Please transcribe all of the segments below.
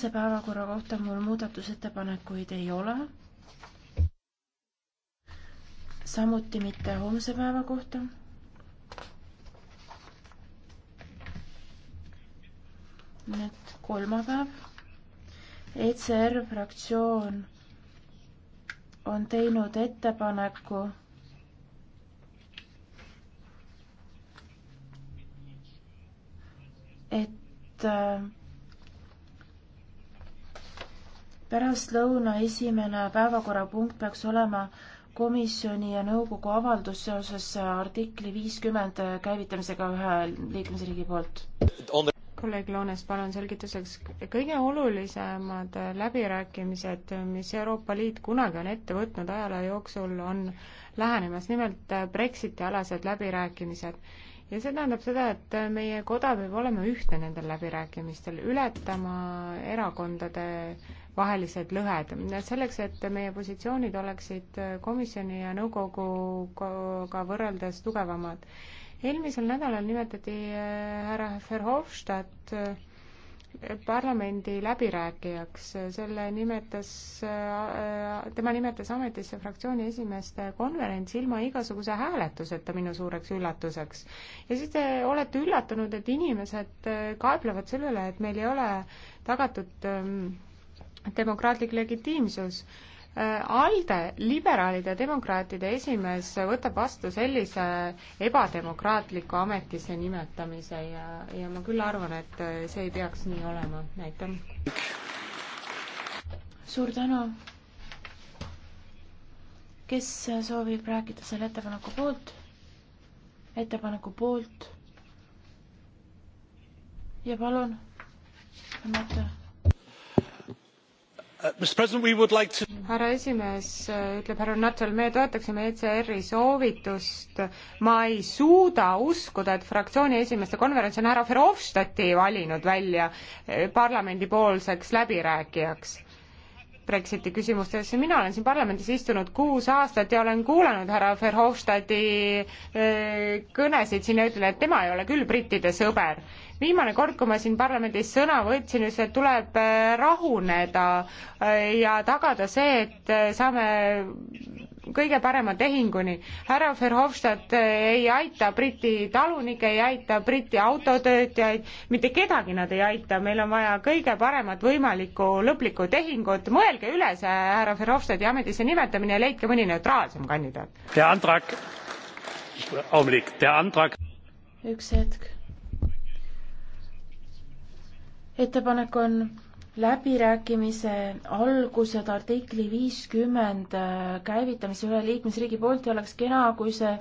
tänase päevakorra kohta mul muudatusettepanekuid ei ole. samuti mitte homse päeva kohta. nüüd kolmapäev. ECR fraktsioon on teinud ettepaneku et äh, pärastlõuna esimene päevakorrapunkt peaks olema komisjoni ja nõukogu avaldus seoses artikli viiskümmend käivitamisega ühe liikmesriigi poolt. kolleeg Loones, palun selgituseks, kõige olulisemad läbirääkimised, mis Euroopa Liit kunagi on ette võtnud ajaloo jooksul, on lähenemas, nimelt Brexiti alased läbirääkimised ja see tähendab seda, et meie koda peab olema ühtne nendel läbirääkimistel, ületama erakondade vahelised lõhed. selleks, et meie positsioonid oleksid komisjoni ja nõukoguga võrreldes tugevamad. eelmisel nädalal nimetati äh, härra Verhofstadt äh, parlamendi läbirääkijaks, selle nimetas, äh, tema nimetas ametisse fraktsiooni esimeeste konverents ilma igasuguse hääletuseta minu suureks üllatuseks. ja siis te olete üllatunud, et inimesed äh, kaeblevad sellele, et meil ei ole tagatud ähm, demokraatlik legitiimsus Äh, ALDE, liberaalide ja demokraatide esimees võtab vastu sellise ebademokraatliku ametisse nimetamise ja, ja ma küll arvan, et äh, see ei peaks nii olema, aitäh. suur tänu. kes soovib rääkida selle ettepaneku poolt? ettepaneku poolt. ja palun, tõmmata härra esimees ütleb härra nuttall me toetaksime ecri soovitust ma ei suuda uskuda et fraktsiooni esimeeste konverents on härra verhofstadti valinud välja eh, parlamendipoolseks läbirääkijaks brexiti küsimustes mina olen siin parlamendis istunud kuus aastat ja olen kuulanud härra verhofstadti eh, kõnesid siin ja ütlen et tema ei ole küll brittide sõber viimane kord, kui ma siin parlamendis sõna võtsin, ütles, et tuleb äh, rahuneda äh, ja tagada see, et äh, saame kõige parema tehinguni. härra Verhofstadt ei aita Briti talunikke, ei aita Briti autotöötajaid, mitte kedagi nad ei aita, meil on vaja kõige paremat võimalikku lõplikku tehingut, mõelge üle see härra Verhofstadti ametisse nimetamine ja leidke mõni neutraalsem kandidaat. üks hetk ettepanek on läbirääkimise algused artikli viiskümmend äh, käivitamise üle liikmesriigi poolt ja oleks kena, kui see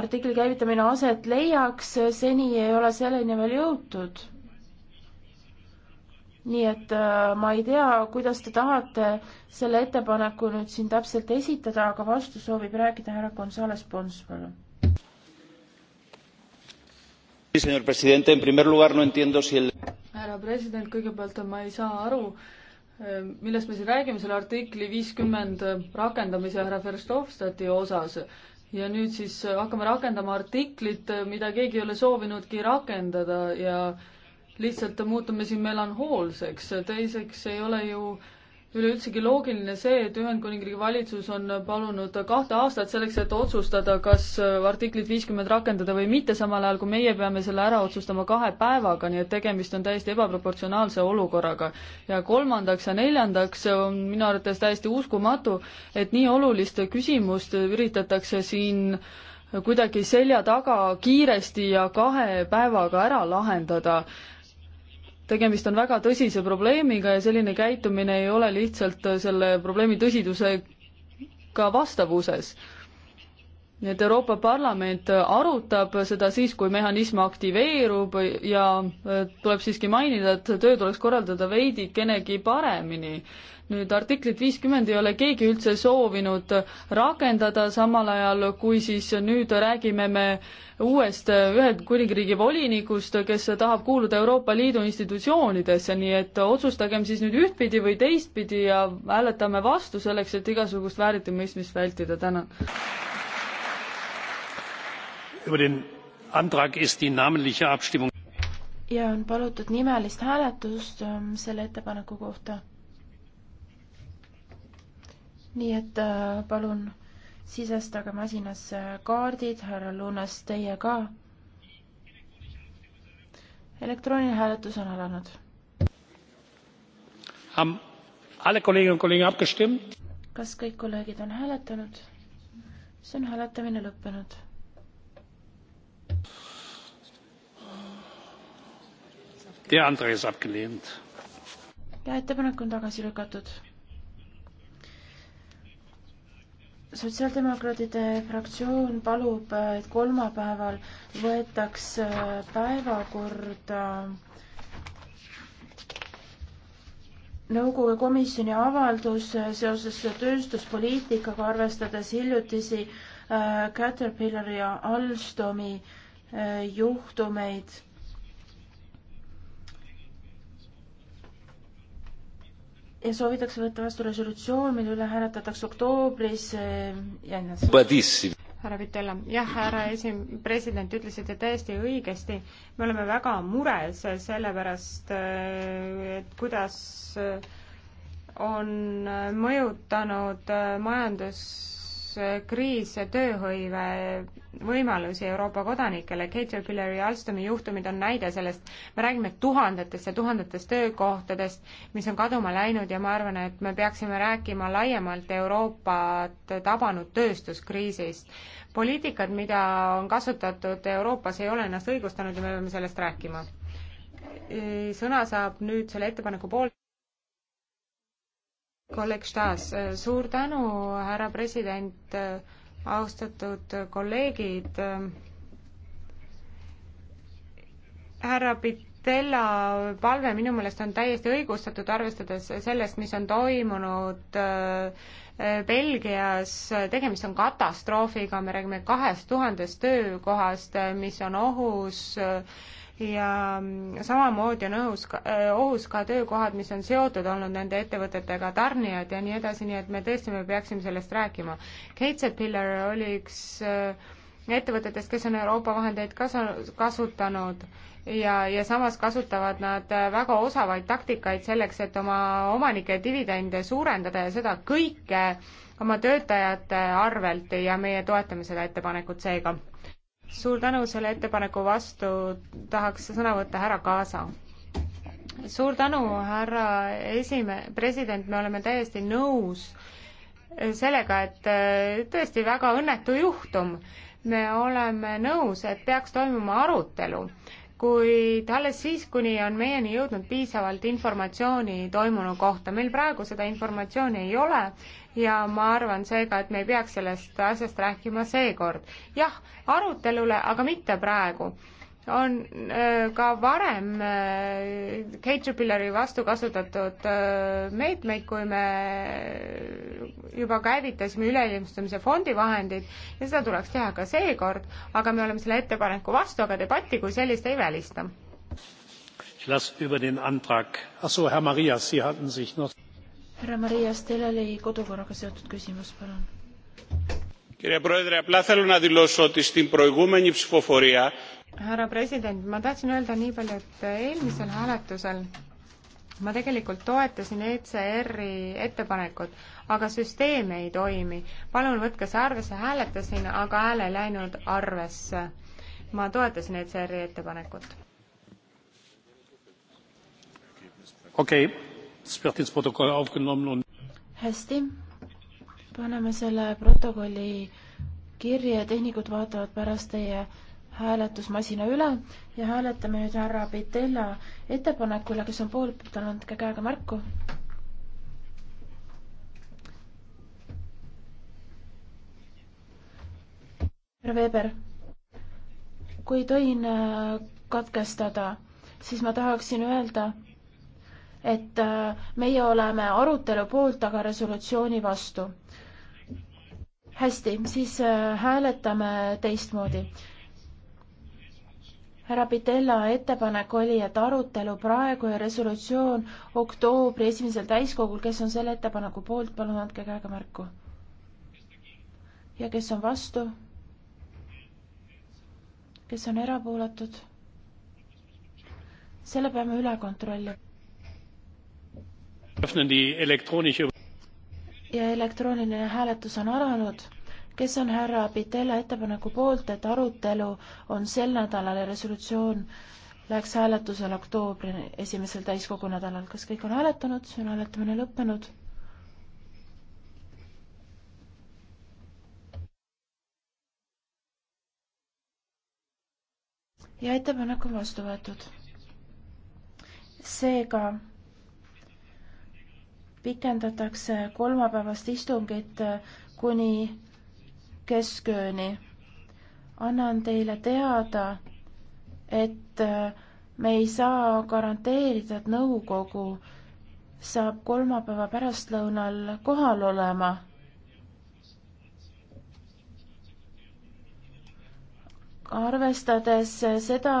artikli käivitamine aset leiaks, seni ei ole selleni veel jõutud. nii et äh, ma ei tea, kuidas te tahate selle ettepaneku nüüd siin täpselt esitada, aga vastu soovib rääkida härra Gonzales Pons, palun härra president, kõigepealt ma ei saa aru, eh, millest me siin räägime, selle artikli viiskümmend rakendamise härra Verhofstadti osas. ja nüüd siis eh, hakkame rakendama artiklit, eh, mida keegi ei ole soovinudki rakendada ja lihtsalt muutume siin melanhoolseks, teiseks ei ole ju äh, üleüldsegi loogiline see, et Ühendkuningriigi valitsus on palunud kahte aastat selleks, et otsustada, kas artiklit viiskümmend rakendada või mitte, samal ajal kui meie peame selle ära otsustama kahe päevaga, nii et tegemist on täiesti ebaproportsionaalse olukorraga. ja kolmandaks ja neljandaks on minu arvates täiesti uskumatu, et nii olulist küsimust üritatakse siin kuidagi selja taga kiiresti ja kahe päevaga ära lahendada tegemist on väga tõsise probleemiga ja selline käitumine ei ole lihtsalt selle probleemi tõsidusega vastavuses nii et Euroopa Parlament arutab seda siis, kui mehhanism aktiveerub ja e, tuleb siiski mainida, et töö tuleks korraldada veidikenegi paremini. nüüd artiklit viiskümmend ei ole keegi üldse soovinud rakendada, samal ajal kui siis nüüd räägime me uuest Ühendkuningriigi volinikust, kes tahab kuuluda Euroopa Liidu institutsioonidesse, nii et otsustagem siis nüüd ühtpidi või teistpidi ja hääletame vastu selleks, et igasugust vääritimõistmist vältida, tänan über den Antrag ist die namentliche Abstimmung. ja on palutud nimelist hääletust ähm, selle ettepaneku kohta. nii et äh, palun sisestage masinasse äh, kaardid, härra Lunas, teie ka. elektrooniline hääletus on alanud. kas kõik kolleegid on hääletanud? siis on hääletamine lõppenud Der Antrag ist abgelehnt. ja ettepanek on tagasi lükatud. sotsiaaldemokraatide fraktsioon palub, et kolmapäeval võetaks äh, päevakorda nõukogu komisjoni avaldus äh, seoses tööstuspoliitikaga, arvestades hiljutisi äh, Caterpillari ja Alstomi juhtumeid ja soovitakse võtta vastu resolutsioon, mille üle hääletatakse oktoobris eh, ja nii edasi härra Vitella, jah, härra esim-, president, ütlesite täiesti õigesti, me oleme väga mures selle pärast, eh, et kuidas eh, on mõjutanud majandus kriis ja tööhõive võimalusi Euroopa kodanikele. Caterpillari ja Alstomi juhtumid on näide sellest. me räägime tuhandetest ja tuhandetest töökohtadest, mis on kaduma läinud ja ma arvan, et me peaksime rääkima laiemalt Euroopat tabanud tööstuskriisist. poliitikad, mida on kasutatud Euroopas, ei ole ennast õigustanud ja me peame sellest rääkima. sõna saab nüüd selle ettepaneku poolt kolleeg Stas, suur tänu, härra president, austatud kolleegid. härra Pitella palve minu meelest on täiesti õigustatud, arvestades sellest, mis on toimunud äh, Belgias, tegemist on katastroofiga, me räägime kahest tuhandest töökohast, äh, mis on ohus äh, ja samamoodi on õhus, äh, ohus ka töökohad, mis on seotud olnud nende ettevõtetega, tarnijad ja nii edasi, nii et me tõesti, me peaksime sellest rääkima. Caterpillar oli üks äh, ettevõtetest, kes on Euroopa vahendeid kasu-, kasutanud ja, ja samas kasutavad nad äh, väga osavaid taktikaid selleks, et oma omanike dividende suurendada ja seda kõike oma töötajate arvelt ja meie toetame seda ettepanekut seega suur tänu selle ettepaneku vastu, tahaks sõna võtta härra Kaasa. suur tänu, härra esime-, president, me oleme täiesti nõus sellega, et äh, tõesti väga õnnetu juhtum. me oleme nõus, et peaks toimuma arutelu kuid alles siis, kuni on meieni jõudnud piisavalt informatsiooni toimunu kohta. meil praegu seda informatsiooni ei ole ja ma arvan seega, et me ei peaks sellest asjast rääkima seekord. jah, arutelule, aga mitte praegu on äh, ka varem äh, Caterpillari vastu kasutatud äh, meetmeid, kui me juba käivitasime üleilmastumise fondi vahendid ja seda tuleks teha ka seekord, aga me oleme selle ettepaneku vastu, aga debatti kui sellist ei välista. härra Marias, teil oli kodukorraga seotud küsimus, palun. Κύριε Πρόεδρε, απλά θέλω να δηλώσω ότι στην προηγούμενη ψηφοφορία härra president, ma tahtsin öelda nii palju, et eelmisel hääletusel ma tegelikult toetasin ECR-i ettepanekut, aga süsteem ei toimi. palun võtke see arvesse, hääletasin, aga hääl ei läinud arvesse. ma toetasin ECR-i ettepanekut. okei okay., siis peab teist protokolli aufgenommen. hästi, paneme selle protokolli kirja, tehnikud vaatavad pärast teie hääletusmasina üle ja hääletame nüüd härra Pitella ettepanekule, kes on poolt, palun andke käega märku. härra Veber, kui tohin äh, katkestada, siis ma tahaksin öelda, et äh, meie oleme arutelu poolt, aga resolutsiooni vastu hästi, siis äh, hääletame teistmoodi härra Pidella ettepanek oli, et arutelu praegu ja resolutsioon oktoobri esimesel täiskogul, kes on selle ettepaneku poolt, palun andke käega märku. ja kes on vastu? kes on erapooletud? selle peame üle kontrollima. ja elektrooniline hääletus on alanud kes on härra Pitella ettepaneku poolt, et arutelu on sel nädalal ja resolutsioon läheks hääletusele oktoobri esimesel täiskogu nädalal, kas kõik on hääletanud, siis on hääletamine lõppenud. ja ettepanek on vastu võetud. seega pikendatakse kolmapäevast istungit kuni keskööni. annan teile teada, et äh, me ei saa garanteerida, et nõukogu saab kolmapäeva pärastlõunal kohal olema. arvestades seda,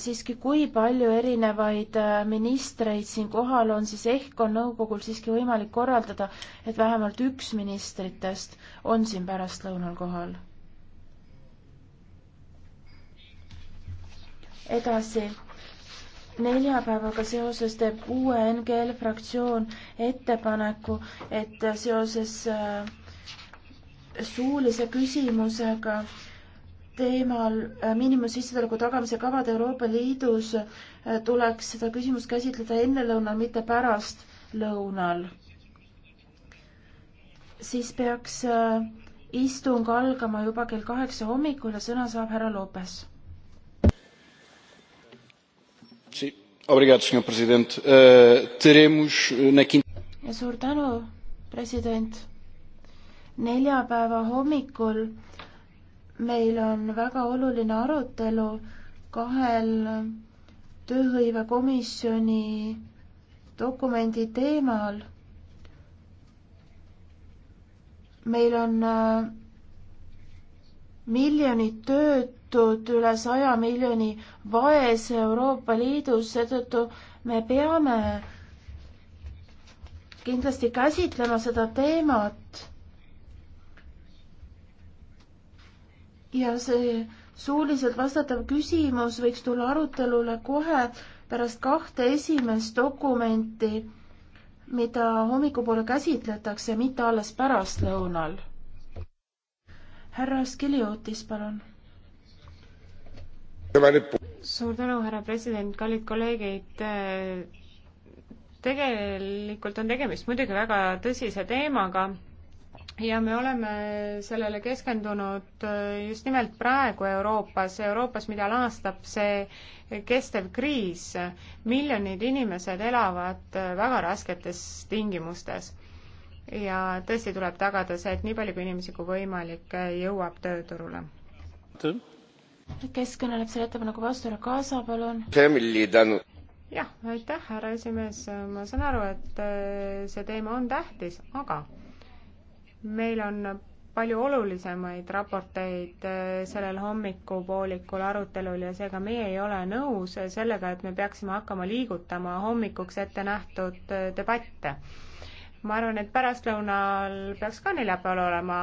siiski, kui palju erinevaid äh, ministreid siin kohal on, siis ehk on nõukogul siiski võimalik korraldada, et vähemalt üks ministritest on siin pärastlõunal kohal. edasi, neljapäevaga seoses teeb uue NGL fraktsioon ettepaneku, et seoses äh, suulise küsimusega äh, teemal äh, miinimumsissetuleku tagamise kavad Euroopa Liidus äh, tuleks seda küsimust käsitleda ennelõunal, mitte pärastlõunal. siis peaks äh, istung algama juba kell kaheksa hommikul ja sõna saab härra Lopes. Uh, uh, ja suur tänu, president. neljapäeva hommikul meil on väga oluline arutelu kahel tööhõivekomisjoni dokumendi teemal. meil on äh, miljonid töötud, üle saja miljoni vaese Euroopa Liidus, seetõttu me peame kindlasti käsitlema seda teemat ja see suuliselt vastatav küsimus võiks tulla arutelule kohe pärast kahte esimest dokumenti, mida hommikupoole käsitletakse, mitte alles pärastlõunal. härra Skiliotis, palun. suur tänu, härra president, kallid kolleegid tegelikult on tegemist muidugi väga tõsise teemaga ja me oleme sellele keskendunud äh, just nimelt praegu Euroopas, Euroopas, mida laastab see kestev kriis. miljonid inimesed elavad äh, väga rasketes tingimustes. ja tõesti tuleb tagada see, et nii palju kui inimesi kui võimalik äh, jõuab tööturule. kes kõneleb selle ettepaneku vastu, härra Kaasa, palun? jah, aitäh, härra esimees, ma saan aru, et see teema on tähtis, aga meil on palju olulisemaid raporteid äh, sellel hommikupoolikul arutelul ja seega meie ei ole nõus sellega, et me peaksime hakkama liigutama hommikuks ette nähtud äh, debatte. ma arvan, et pärastlõunal peaks ka neljapäeval olema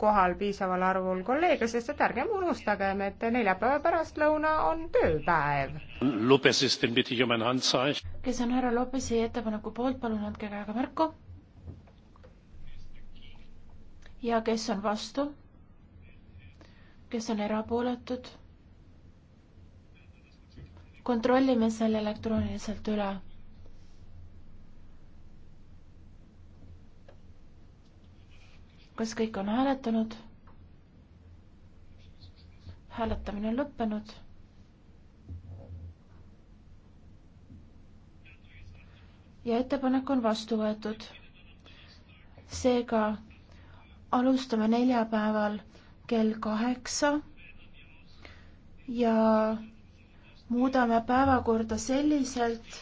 kohal piisaval arvul kolleege, sest et ärgem unustagem, et neljapäeva pärastlõuna on tööpäev. Um kes on härra Lopesi ettepaneku poolt, palun andke käega märku ja kes on vastu? kes on erapooletud? kontrollime selle elektrooniliselt üle. kas kõik on hääletanud? hääletamine on lõppenud. ja ettepanek on vastu võetud. seega alustame neljapäeval kell kaheksa ja muudame päevakorda selliselt,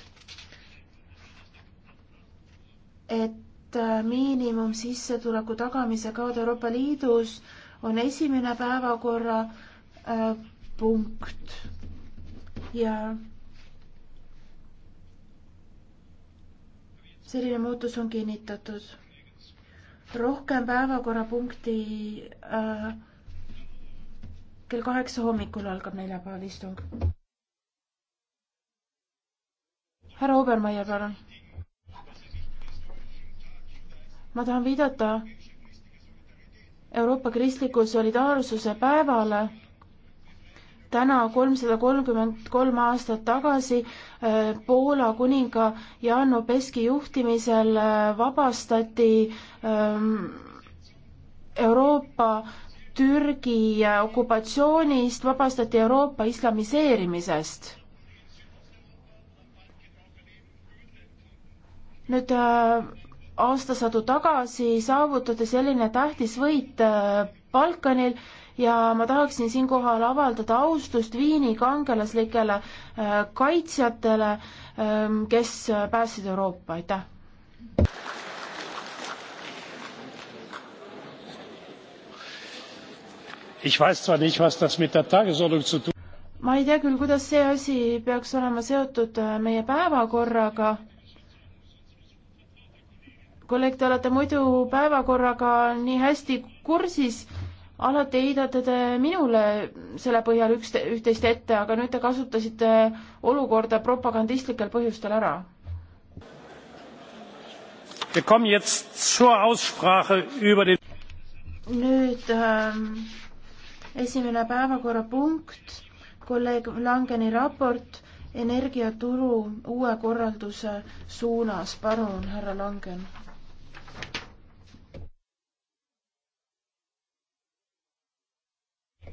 et äh, miinimumsissetuleku tagamise kaudu Euroopa Liidus on esimene päevakorra äh, punkt ja selline muutus on kinnitatud rohkem päevakorrapunkti äh, kell kaheksa hommikul algab neljapäeval istung. härra Obermeier, palun. ma tahan viidata Euroopa Kristliku Solidaarsuse päevale täna kolmsada kolmkümmend kolm aastat tagasi äh, Poola kuninga Jan Obeski juhtimisel äh, vabastati ähm, Euroopa Türgi äh, okupatsioonist, vabastati Euroopa islamiseerimisest. nüüd aastasadu tagasi saavutati selline tähtis võit Balkanil ja ma tahaksin siinkohal avaldada austust Viini kangelaslikele äh, kaitsjatele, ähm, kes äh, päästsid Euroopa, aitäh! ma ei tea küll, kuidas see asi peaks olema seotud äh, meie päevakorraga kolleeg, te olete muidu päevakorraga nii hästi kursis, alati heidate te minule selle põhjal üks, üht-teist ette, aga nüüd te kasutasite olukorda propagandistlikel põhjustel ära. nüüd äh, esimene päevakorrapunkt, kolleeg Langeni raport energiaturu uue korralduse suunas, palun, härra Langen